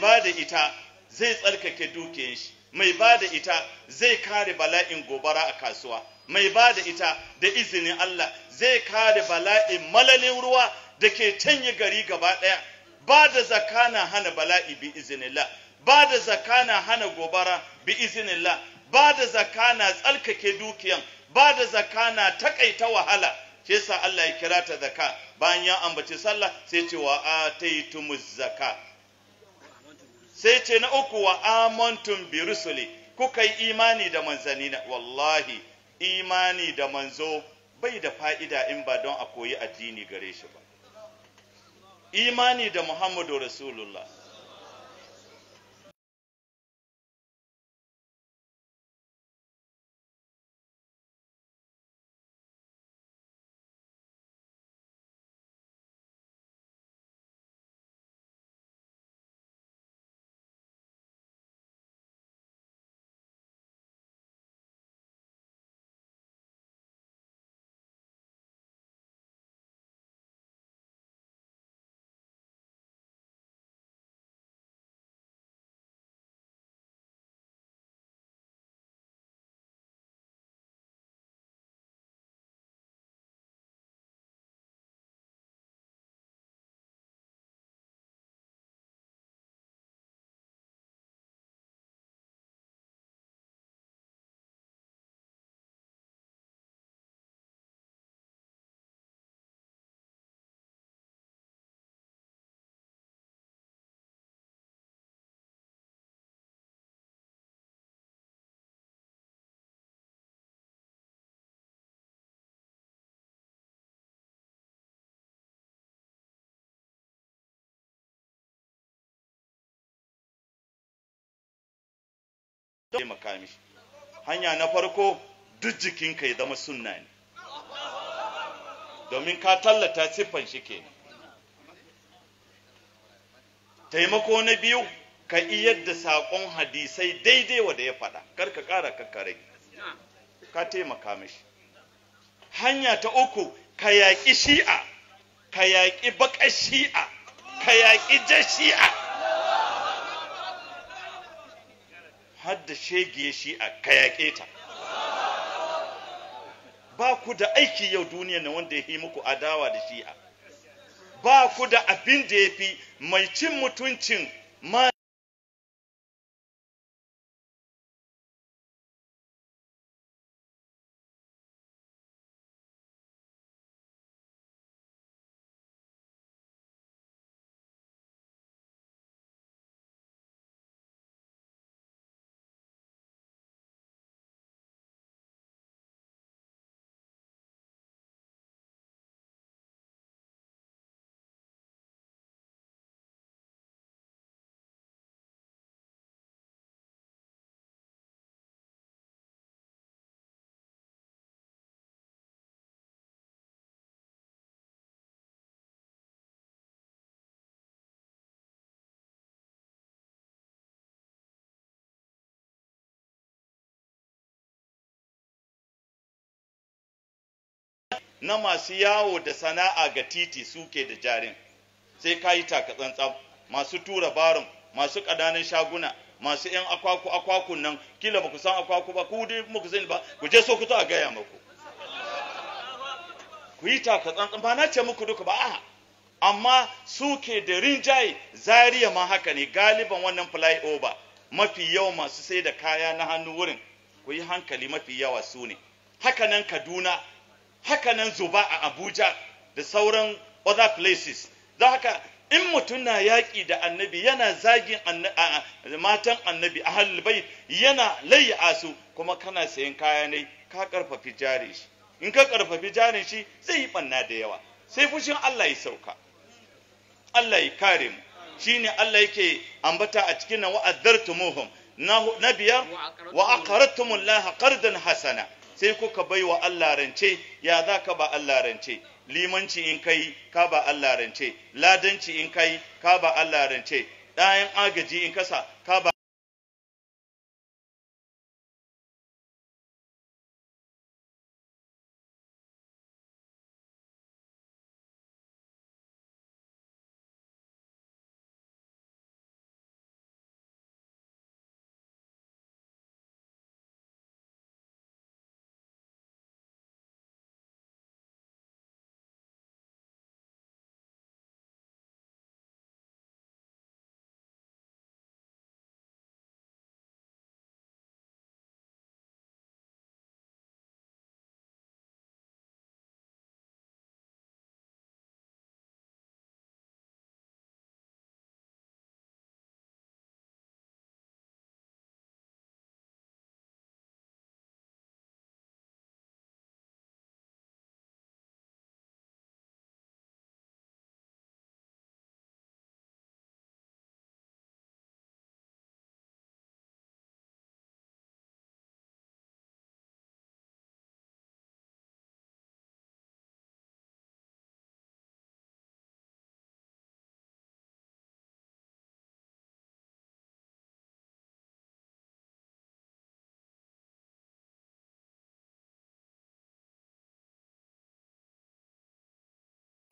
ba da ita zai tsarkake dukiyar shi mai ba da ita zai kare bala'in gobara a kasuwa mai ba da ita da izinin Allah zai kare bala'in malalin ruwa da ke canye gari gaba ɗaya ba da zakana na hana bala'i bi Allah ba da zakana hana gobara bi Allah ba da zakana na tsarkake dukiyan ba da zaka na takaita wahala shi yasa Allah ya kira ta zaka bayan ya ambaci sallah sai ce wa ataitumuz zaka sai ce na uku wa Amantun bi rusuli kuka yi imani da manzanni na wallahi imani da manzo bai da fa'ida in ba don a koyi addini gare shi ba imani da muhammadu rasulullah taimaka mishi hanya na farko duk jikin ka ya zama sunna ne domin ka tallata siffan shi ke. taimako na biyu ka iyar da saƙon hadisai daidai wa da ya faɗa kar ka ƙara kakkare ka taimaka mishi hanya ta uku ka yaƙi shi'a ka yaƙi baƙar shi'a ka yaƙi jar shi'a Hadda shege shi a kayaƙe ta ba ku da aiki yau duniya na wanda ya yi muku adawa da shi'a ba ku da abin da ya fi mai cin mutuncin ma na masu yawo da sana'a ga titi suke da jarin sai ka yi takatsantsan masu tura barin masu ƙananan shaguna masu 'yan akwaku akwakun nan kila ba ku san akwaku ba ku dai muku zai ba ku je so sokoto a gaya muku ku yi takatsantsan ba na ce muku duka ba a amma suke da rinjaye zariya ma haka ne galiban wannan flyover mafi yawa masu sai da kaya na hannu wurin ku yi hankali mafi yawa su ne haka nan kaduna Haka hakanan zuba a abuja da sauran other places don haka in mutum na yaƙi da annabi yana zagin matan annabi a halibai yana layya su kuma kana sayan kaya ne ka karfafi jari shi in ka karfafi jari shi zai yi ɓanna da yawa sai fushin allah ya sauka allah ya kare mu Shi ne allah yake ambata a cikin na nan tumuhun na biyar wa aqartumullaha qardan hasana sai kuka baiwa Allah rance ya za ka ba Allah rance limanci in kai ka ba Allah rance ladanci in kai ka ba Allah rance ɗayan agaji in kasa ka ba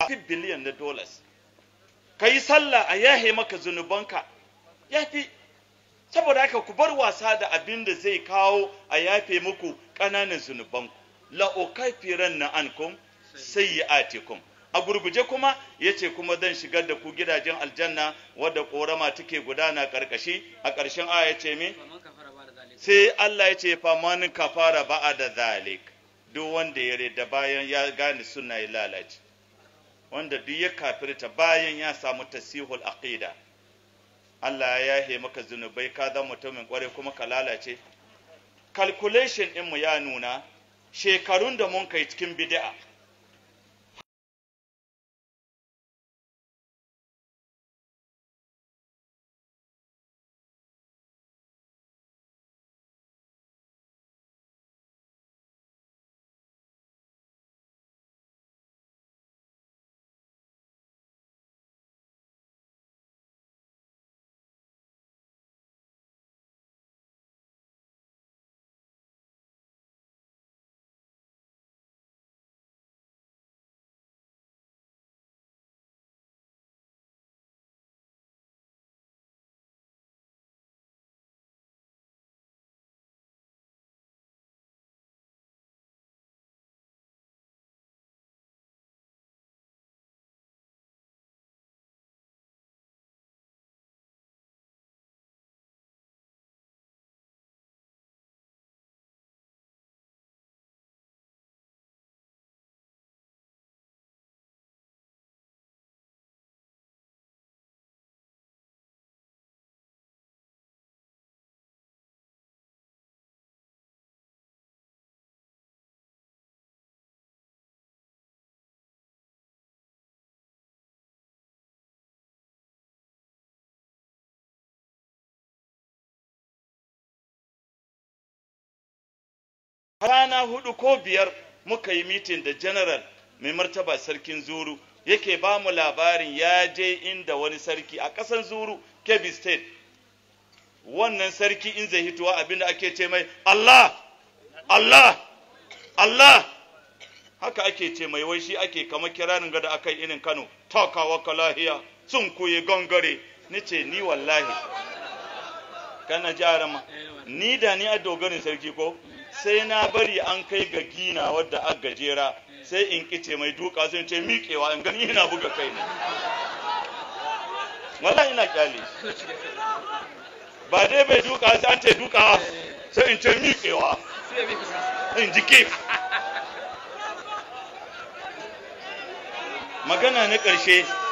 50 biliyan na dollars ka yi sallah a yahe maka zunubanka ya fi saboda haka ku bar wasa da abin da zai kawo a yafe muku ƙananan zunubanku ran na kun sai yi atikum a gurguje kuma ya ce kuma zan shigar da ku gidajen aljanna wadda ƙorama take gudana ƙarƙashi a ƙarshen aya ya ce mi? sai Allah ya ce famanin kafara ba'a da zalik duk wanda ya da bayan ya gane suna yi lalace wanda duk ya kafirta bayan ya samu tasihul aqida Allah ya yahe maka zunubai ka zama mutumin kware kuma ka lalace calculation mu ya nuna shekarun da mun kai cikin bid'a rana hudu ko biyar muka yi mitin da general mai martaba sarkin zuru yake ba mu labarin ya je inda wani sarki a ƙasan zuru kebbi state wannan sarki in zai hituwa abinda ake ce mai allah allah allah haka ake ce mai wai shi ake kama kiranin gada aka yi irin kano takawa kalahiya sun kuyi gangare ni ce ni wallahi kana ji ni da ni a dogarin sarki ko sai na bari an kai ga gina wadda aka gajera sai in kice mai duka sai ce miƙewa in gani ina buga kai ne wala ina kyale ba dai bai duka sai an ce duka sai in ce miƙewa in jike magana na ƙarshe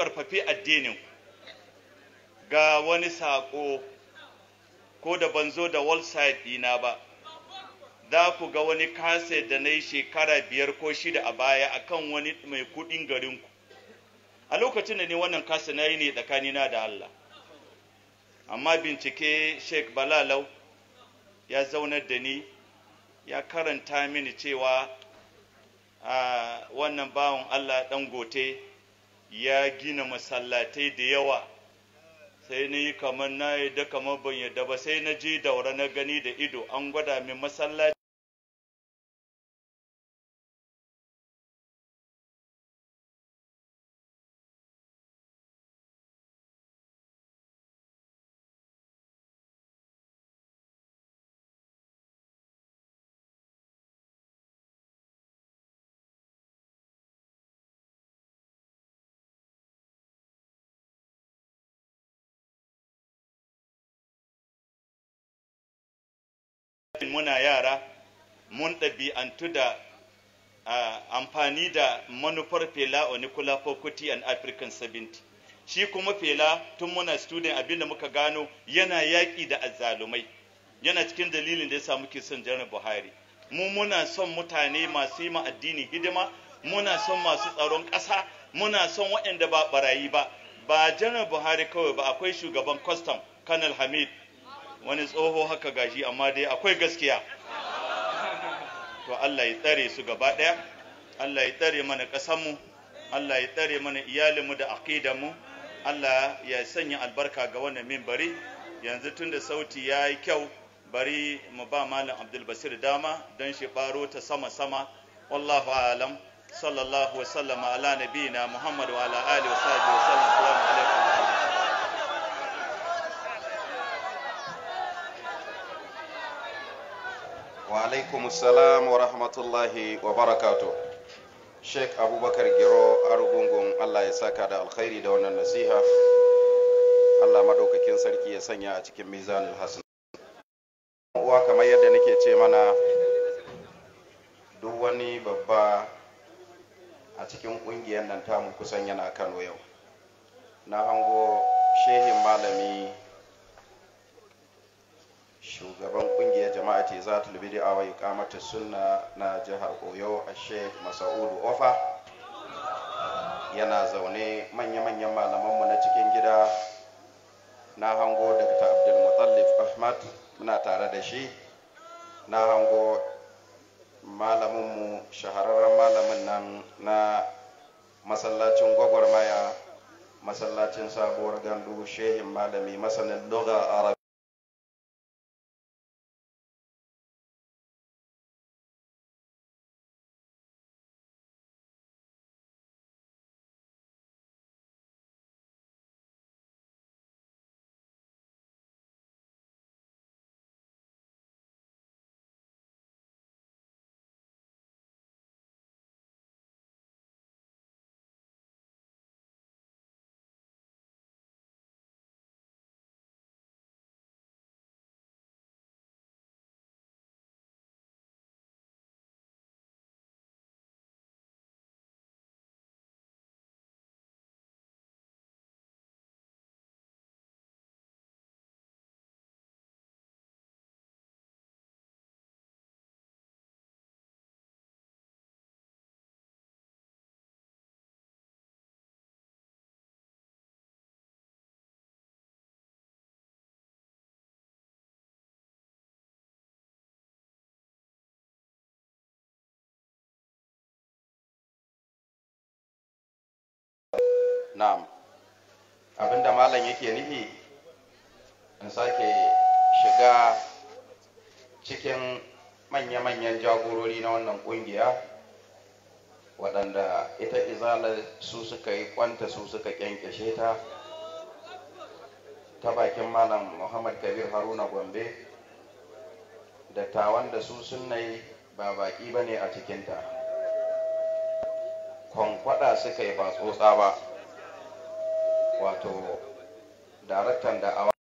karfafi addinin ga wani sako ko da ban zo da wall-side dina ba za ku ga wani kase da na yi shekara biyar ko shida a baya akan wani mai kuɗin garinku a lokacin da ni wannan kase na yi ne tsakanina da Allah amma bincike sheikh balalau ya zaunar da ni ya karanta mini cewa a ah, wannan bawan Allah ɗan gote ya gina masallatai da yawa sai na yi kamar na da kamar ban yadda ba sai na je daura na gani da ido an gwada min masallaci muna yara mun ɗabi'antu da amfani da manufar fela a onikula fokuti an african 70 shi kuma fela tun muna student abinda muka gano yana yaƙi da azzalumai yana cikin dalilin da ya sa muke son janar buhari mu muna son mutane masu yi addini hidima muna son masu tsaron ƙasa muna son waɗanda ba barayi ba ba janar buhari kawai ba akwai shugaban kwastam kanal hamid wani tsoho haka gashi amma dai akwai gaskiya to Allah ya tsare su gaba daya Allah ya tsare mana ƙasanmu Allah ya tsare mana iyalinmu da aqidanmu Allah ya sanya albarka ga wannan minbari yanzu tunda sauti ya yi kyau bari mu ba malam Abdul Basir dama don shi baro ta sama sama wallahu alam sallallahu wa sallama ala nabiyina Muhammad wa ala alihi wa sahbihi wa sallam assalamu alaikum wa alaikum salam wa rahmatullahi wa barakatu sheik abubakar giro arugungun allah ya saka da alkhairi da wannan nasiha allah madaukakin sarki ya sanya a cikin mizanin hasan uwa kamar yadda nake ce mana duk wani babba a cikin ƙungiyar nan tamu kusan yana kano yau na hango shehin malami shugaban kungiyar jama'a ce za ta lubidi a wai kamata sunna na jihar oyo a sheik masa'udu ofa yana zaune manya-manyan malamanmu na cikin gida na hango dr abdulmutallif ahmad muna tare da shi na hango malaminmu shahararren malamin nan na masallacin gwagwarmaya masallacin sabuwar gandu shehin malami masanin doga arab na'am abinda malam yake nufi in sake shiga cikin manya-manyan jagorori na wannan kungiya waɗanda ita izalar su suka yi kwanta su suka kyankyashe ta ta bakin malam muhammad kabir haruna gombe dattawan da su yi ba baki ba ne a cikinta kwankwada suka yi ba tsotsa ba wato daraktan da awa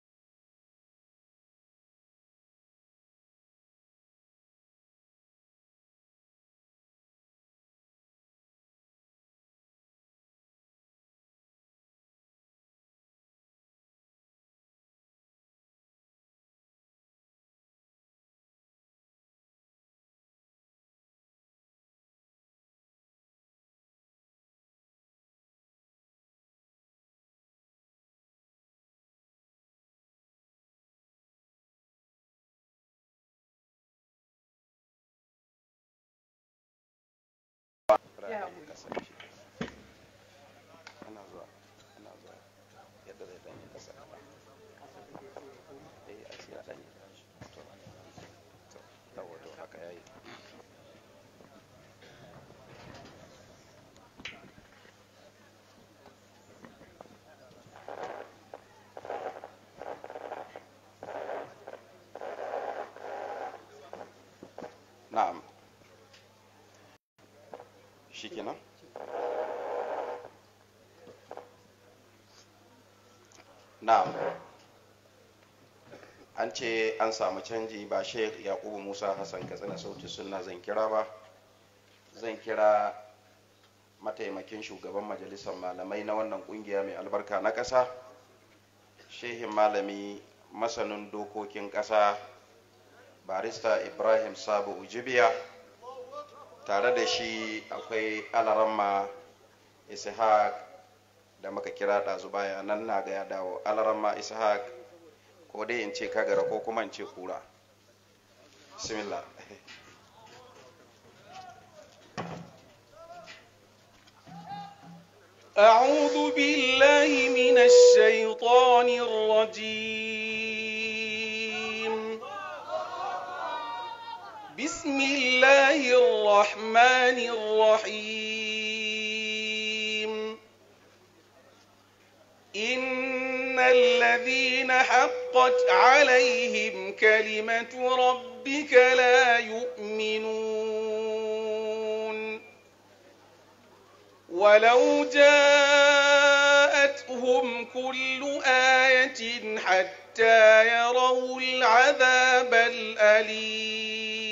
gaya mu ana zuwa ana zuwa yadda zai danyi a siya danyi to haka shi kenan na'am an ce an samu canji ba sheikh yakubu musa hassan katsina sauti suna zan kira ba zan kira mataimakin shugaban majalisar malamai na wannan kungiya mai albarka na ƙasa shehin malami masanin dokokin ƙasa barista ibrahim sabu ujibiya tare da shi akwai alaramma ishaq da muka kira ɗazu baya nan na ga ya dawo alaramma ishaq ko dai in ce kagara ko kuma in ce kura bismillah أعوذ بالله من الشيطان الرجيم بسم الله الرحمن الرحيم إن الذين حقت عليهم كلمة ربك لا يؤمنون ولو جاءتهم كل آية حتى يروا العذاب الأليم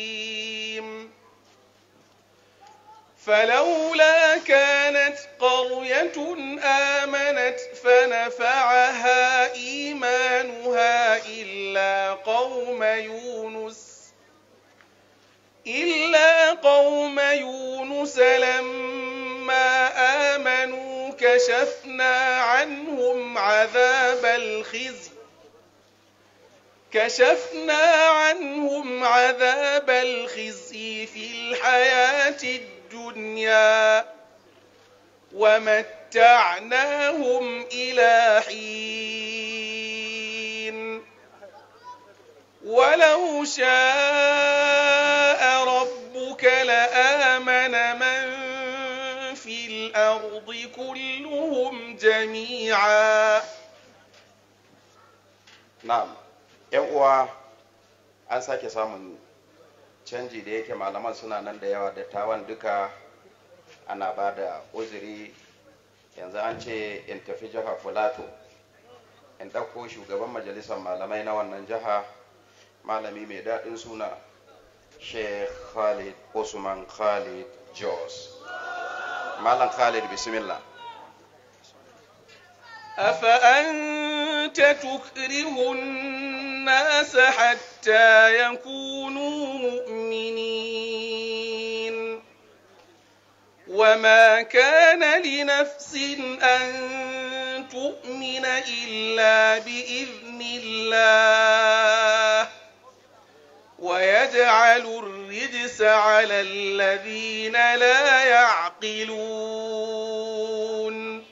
فلولا كانت قرية آمنت فنفعها إيمانها إلا قوم يونس إلا قوم يونس لما آمنوا كشفنا عنهم عذاب الخزي كشفنا عنهم عذاب الخزي في الحياة الدنيا الدنيا ومتعناهم إلى حين ولو شاء ربك لآمن من في الأرض كلهم جميعا نعم يقوى أنساك سامن samun canji da yake malaman suna nan da yawa dattawan duka ana bada uzuri yanzu an ce in tafi jaha fulato in dauko shugaban majalisar malamai na wannan jaha malami mai dadin suna sheikh khalid usman khalid jos malam khalid bismillah afa anta tukrihun الناس حتى يكونوا مؤمنين وما كان لنفس أن تؤمن إلا بإذن الله ويجعل الرجس على الذين لا يعقلون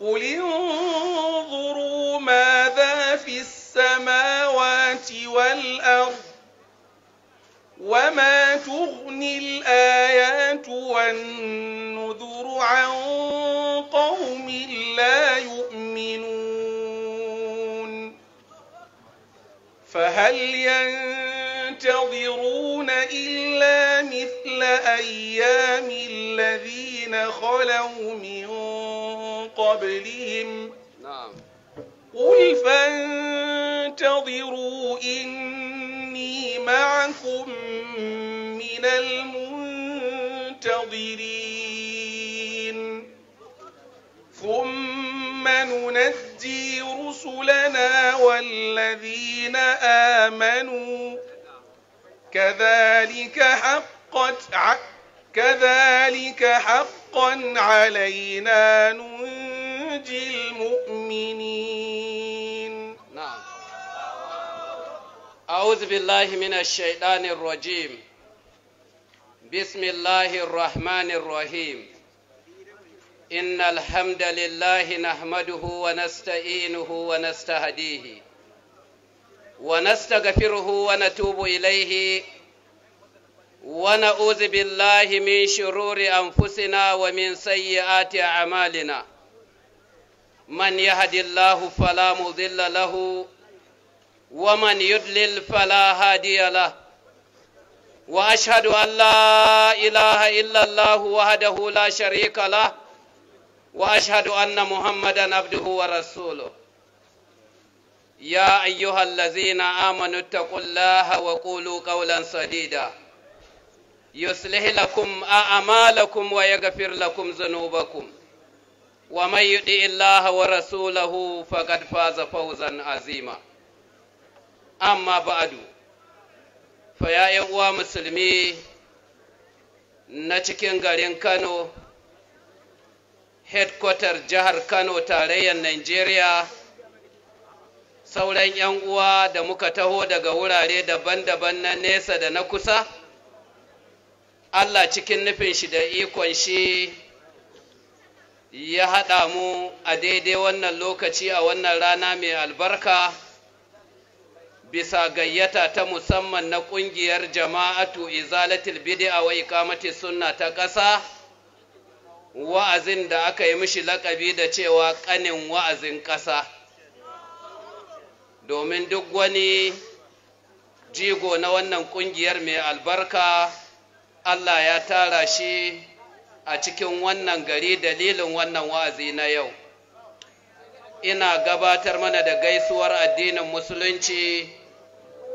قل انظروا ماذا في السماوات والأرض وما تغني الآيات والنذر عن قوم لا يؤمنون فهل ينتظرون إلا مثل أيام الذين خلوا من قبلهم نعم قل فانتظروا إني معكم من المنتظرين ثم ننجي رسلنا والذين آمنوا كذلك حقت كذلك حقا علينا نور ننجي المؤمنين نعم أعوذ بالله من الشيطان الرجيم بسم الله الرحمن الرحيم إن الحمد لله نحمده ونستعينه ونستهديه ونستغفره ونتوب إليه ونعوذ بالله من شرور أنفسنا ومن سيئات أعمالنا من يهد الله فلا مضل له ومن يضلل فلا هادي له واشهد ان لا اله الا الله وحده لا شريك له واشهد ان محمدا عبده ورسوله يا ايها الذين امنوا اتقوا الله وقولوا قولا سديدا يصلح لكم اعمالكم ويغفر لكم ذنوبكم ومن يطع الله ورسوله فقد فاز فوزا عظيما اما بعد فيا ايها المسلمين na cikin garin Kano, headquarter jihar Kano tarayyar Nigeria, sauran 'yan uwa da muka taho daga wurare daban-daban na nesa da na kusa, Allah cikin nufin shi da ikon shi ya haɗa mu a daidai wannan lokaci a wannan rana mai albarka bisa gayyata ta musamman na ƙungiyar jama'atu izalatul bid'a wa iqamati sunna ta ƙasa wa'azin da aka yi mishi lakabi da cewa ƙanin wa'azin ƙasa domin duk wani jigo na wannan ƙungiyar mai albarka Allah ya tara shi a cikin wannan gari dalilin wannan wa'azi na yau ina gabatar mana da gaisuwar addinin musulunci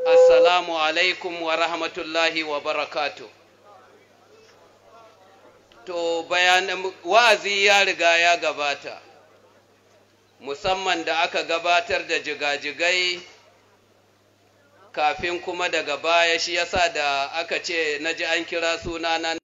assalamu alaikum wa rahmatullahi wa barakatu to bayanin wa'azi ya riga ya gabata musamman da aka gabatar da jigajigai kafin kuma daga baya shi yasa da aka ce na ji an kira nan.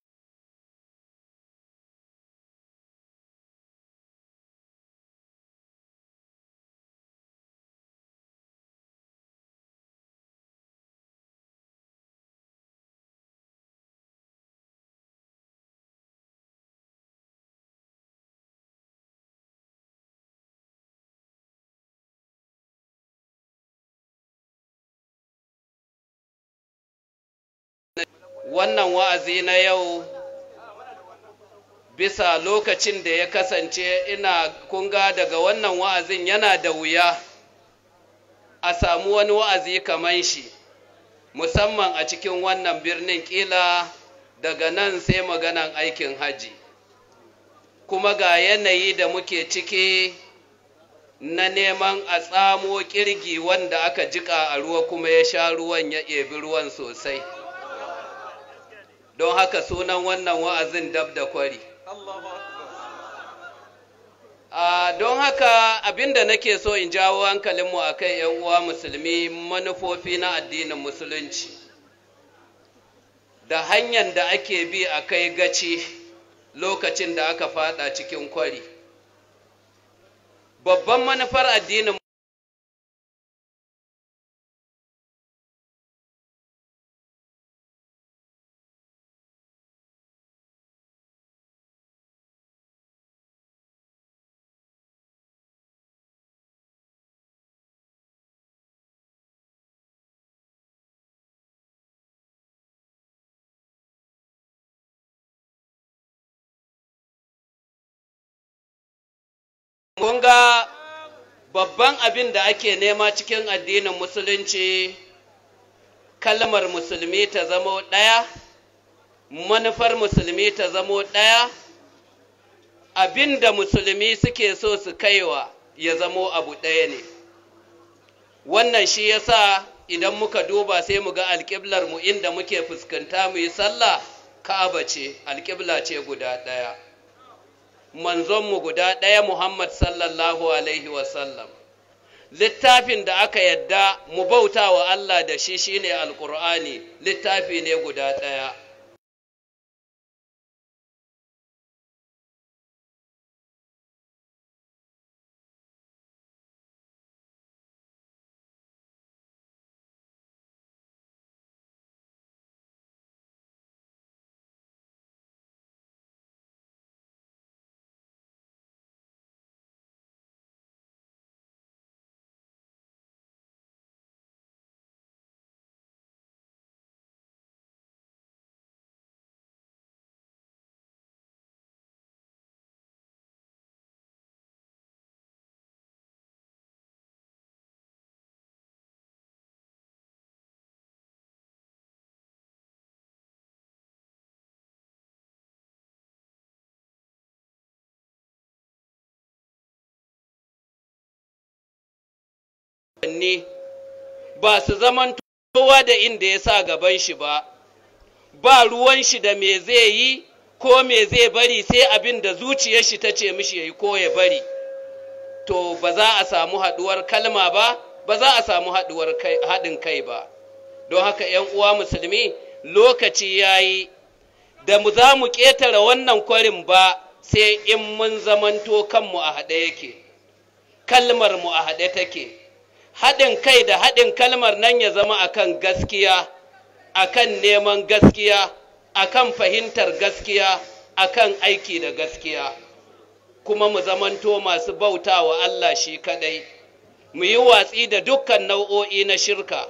wannan wa'azi na yau bisa lokacin da ya kasance ina kunga daga wannan wa'azin yana da wuya a samu wani wa'azi kamar shi musamman a cikin wannan birnin ƙila, daga nan sai maganan aikin haji kuma ga yanayi da muke ciki na neman a tsamo kirgi wanda aka jika a ruwa kuma ya sha ruwan ya ebi ruwan sosai don haka sunan wannan wa'azin dab da kwari don haka abinda nake so in jawo hankalinmu a kai uwa musulmi manufofi na addinin musulunci da hanyar da ake bi a kai gaci lokacin da aka fada cikin kwari babban manufar addinin kun ga babban abin da ake nema cikin addinin musulunci kalmar musulmi ta zamo ɗaya manufar musulmi ta zamo ɗaya abin da musulmi suke so su kaiwa ya zamo abu ɗaya ne wannan shi ya sa idan muka duba sai mu ga alƙiblar mu inda muke fuskanta mu yi sallah ka'aba ce alƙibla ce guda ɗaya manzonmu guda ɗaya Muhammad sallallahu Alaihi wasallam. Littafin da aka yadda mu bauta wa Allah da shi shine Alƙur'ani, littafi ne guda ɗaya. ne ba su zaman kowa da inda ya sa gaban shi ba ba ruwan shi da me zai yi ko me zai bari sai abin da zuciyar shi ta ce mishi yayi ko ya bari to ba za a samu haduwar kalma ba ba za a samu haduwar haɗin kai ba don haka ‘yan uwa musulmi lokaci yayi da mu za mu ƙetare wannan kwarin ba sai in mun zamanto kanmu a haɗe yake kalmar mu a haɗe take haɗin kai da haɗin kalmar nan ya zama akan gaskiya akan neman gaskiya akan fahimtar gaskiya akan aiki da gaskiya kuma mu zamanto masu bauta wa Allah shi kaɗai. mu yi watsi da dukkan nau'o'i na shirka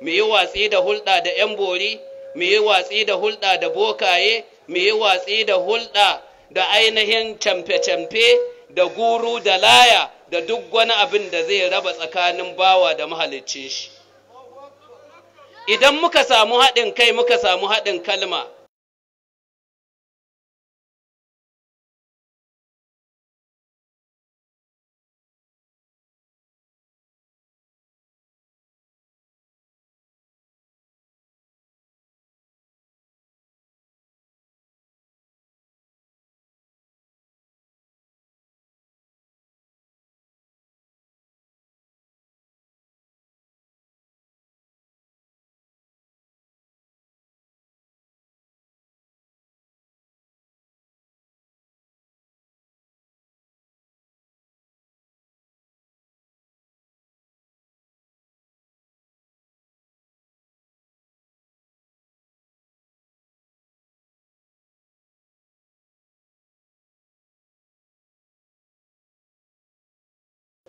mu yi watsi da hulɗa da 'yan bori mu yi watsi da hulɗa da bokaye mu yi watsi da hulɗa da ainihin camfe-camfe da guru da laya da duk wani abin da zai raba tsakanin bawa da mahalicin shi idan muka samu haɗin kai muka samu haɗin kalma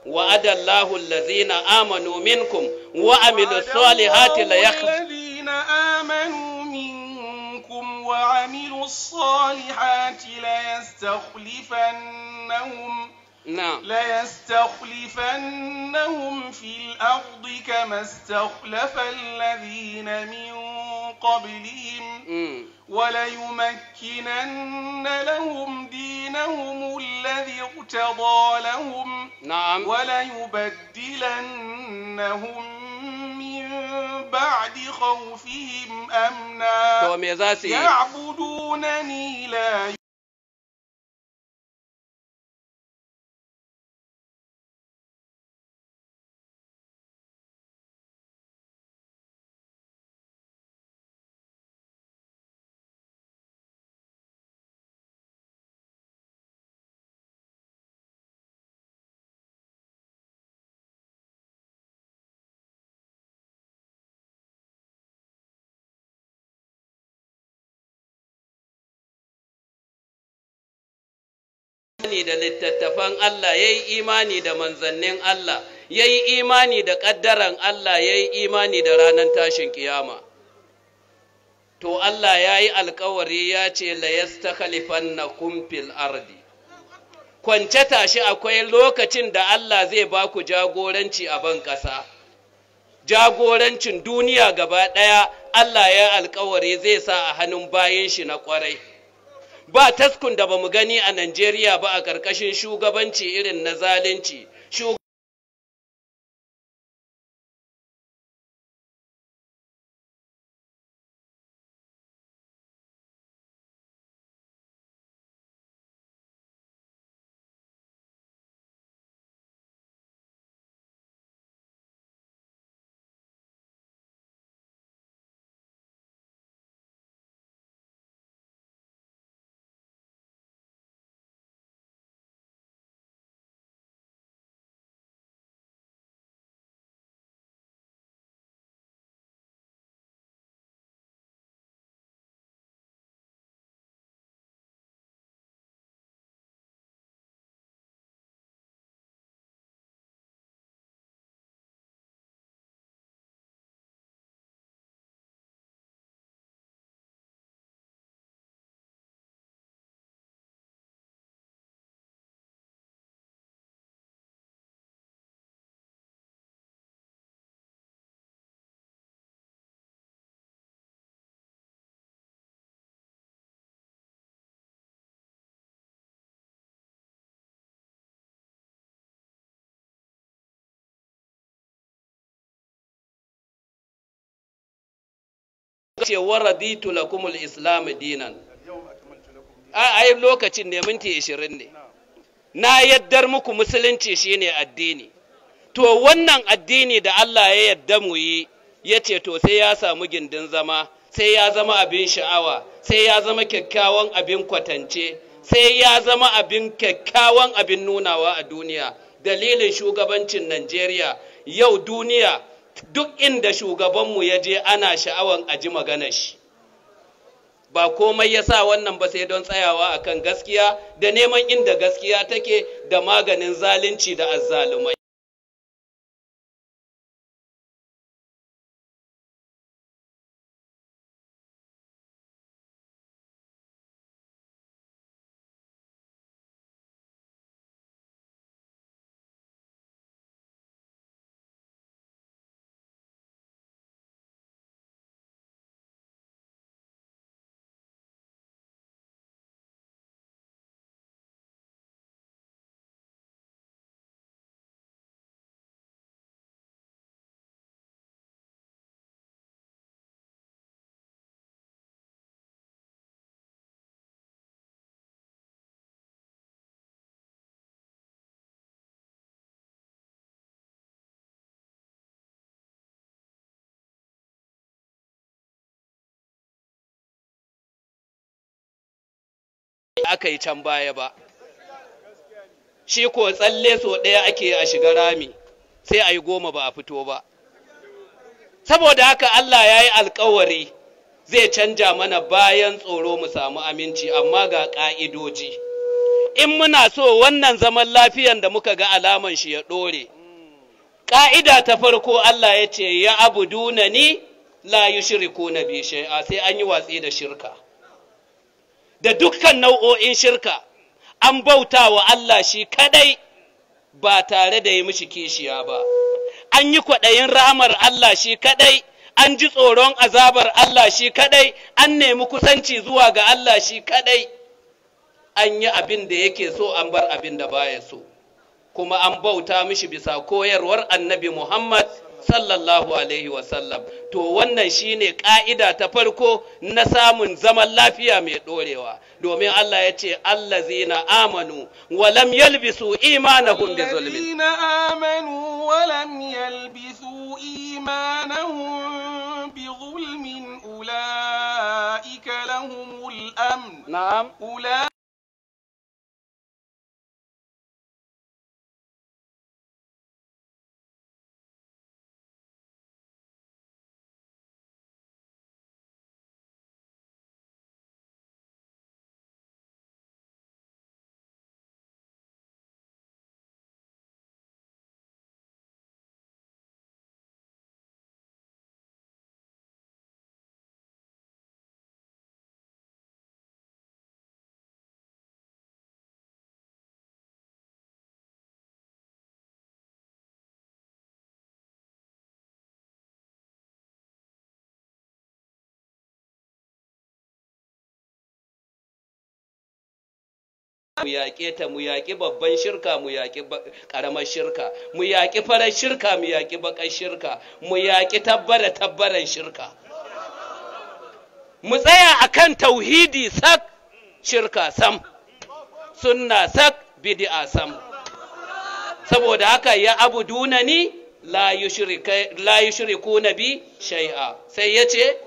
وعد الله الذين آمنوا منكم وعملوا الصالحات ليخلف الذين آمنوا منكم وعملوا الصالحات ليستخلفنهم نعم ليستخلفنهم في الأرض كما استخلف الذين من قبلهم وليمكنن لهم دينهم الذي ارتضى لهم نعم وليبدلنهم من بعد خوفهم أمنا يعبدونني لا imani da littattafan Allah ya yi imani da manzannin Allah ya yi imani da ƙaddaran Allah ya yi imani da ranar tashin kiyama to Allah ya yi alkawari ya ce la yastakhlifan na kumfil ardi kwance tashi akwai lokacin da Allah zai ba ku jagoranci a ban ƙasa jagorancin duniya gaba ɗaya Allah ya yi alkawari zai sa a hannun bayan shi na ƙwarai ba taskun da ba mu gani a Najeriya ba a ƙarƙashin shugabanci irin na zalunci ce waraditu lakumul islam dinan a ai lokacin ne minti 20 ne na yaddar muku musulunci shine addini to wannan addini da Allah ya yadda mu yi ya ce to sai ya samu gindin zama sai ya zama abin sha'awa sai ya zama kyakkyawan abin kwatance sai ya zama abin kyakkyawan abin nunawa a duniya dalilin shugabancin Najeriya yau duniya duk inda shugabanmu ya je ana sha'awan a ji magana shi ba komai ya sa wannan ba sai don tsayawa akan gaskiya da neman inda gaskiya take da maganin zalunci da azzalumai aka yi can baya ba shi ko tsalle so ɗaya ake a shiga rami sai a yi goma ba a fito ba saboda haka Allah ya yi alkawari zai canja mana bayan tsoro mu samu aminci amma ga ƙa'idoji in muna so wannan zaman lafiyan da muka ga alaman shi ya ɗore ƙa'ida ta farko Allah ya ce ya abu duna ni la yi shiriku na bishe a sai an yi watsi da shirka da dukkan nau'o'in shirka an bauta wa Allah shi kadai ba tare da yi mishi kishiya ba an yi kwaɗayin ramar Allah shi kadai an ji tsoron azabar Allah shi kadai an nemi kusanci zuwa ga Allah shi kadai an yi abin da yake so an bar abin da baya so kuma an bauta mishi bisa koyarwar annabi Muhammad sallallahu alaihi wasallam to wannan shine ka'ida ta farko na samun zaman lafiya mai dorewa domin Allah yace allazina amanu wa lam yalbisu imanahum bi zulmin allazina amanu wa lam yalbisu imanahum bi zulmin ulaika lahumul amn na'am mu yaƙe ta mu yaƙi babban shirka mu yaƙi ƙaramar shirka mu yaƙi farar shirka mu yaƙi baƙar shirka mu yaƙi tabbara tabbaran shirka mu tsaya akan tauhidi sak shirka sam sunna sak bid'a sam saboda haka ya abu dunani la yushriku nabi shay'a sai yace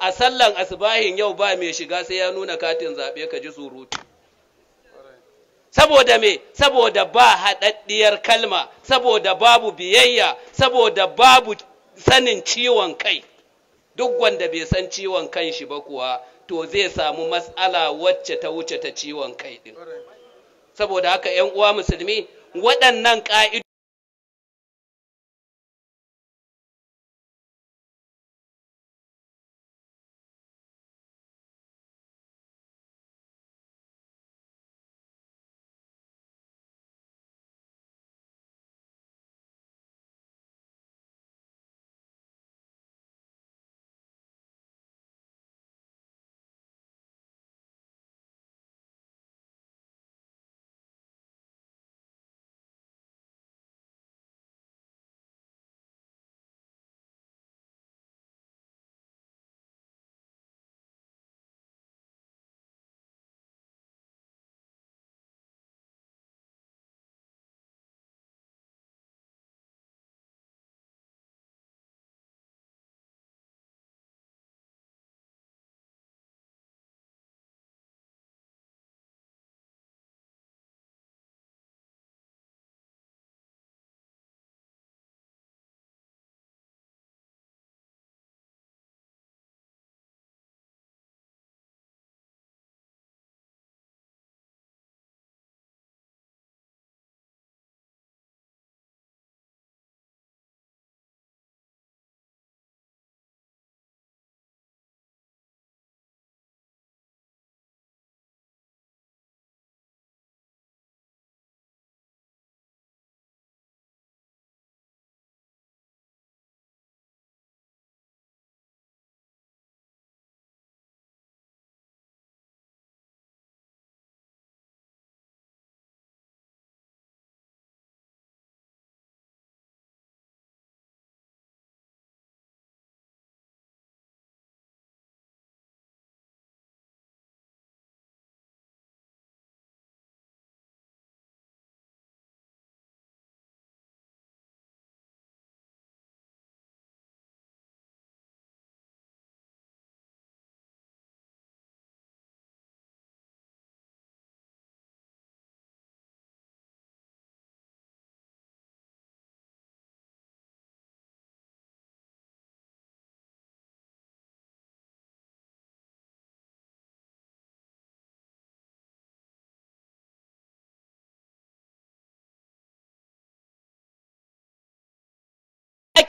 a sallan asibahin yau ba mai shiga sai ya nuna katin zaɓe ka ji surutu saboda me saboda ba haɗaɗɗiyar kalma saboda babu biyayya saboda babu sanin ciwon kai duk wanda bai san ciwon kan shi ba kuwa to zai samu matsala wacce ta wuce ta ciwon kai ɗin saboda haka 'yan uwa musulmi waɗannan ƙa'idu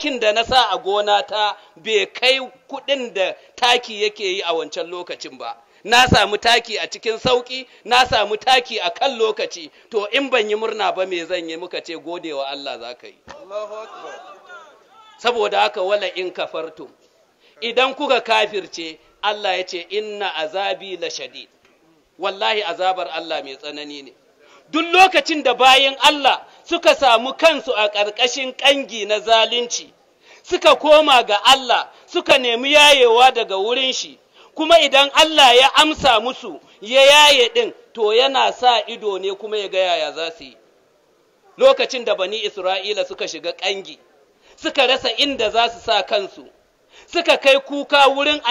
takin da na sa a gona ta bai kai kuɗin da taki yake yi a wancan lokacin ba na samu taki a cikin sauƙi na samu taki a kan lokaci to in ban yi murna ba me zan yi muka ce gode wa Allah za ka yi saboda haka wala in kafartum idan kuka kafirce Allah ya ce inna azabi la shadid wallahi azabar Allah mai tsanani ne duk lokacin da bayan Allah suka samu kansu a ƙarƙashin ƙangi na zalunci suka koma ga Allah suka nemi yayewa daga wurin shi kuma idan Allah ya amsa musu ya yaye ɗin to yana sa ido ne kuma ya ga yaya za su yi lokacin da bani Isra'ila suka shiga ƙangi suka rasa inda za su sa kansu suka kai kuka wurin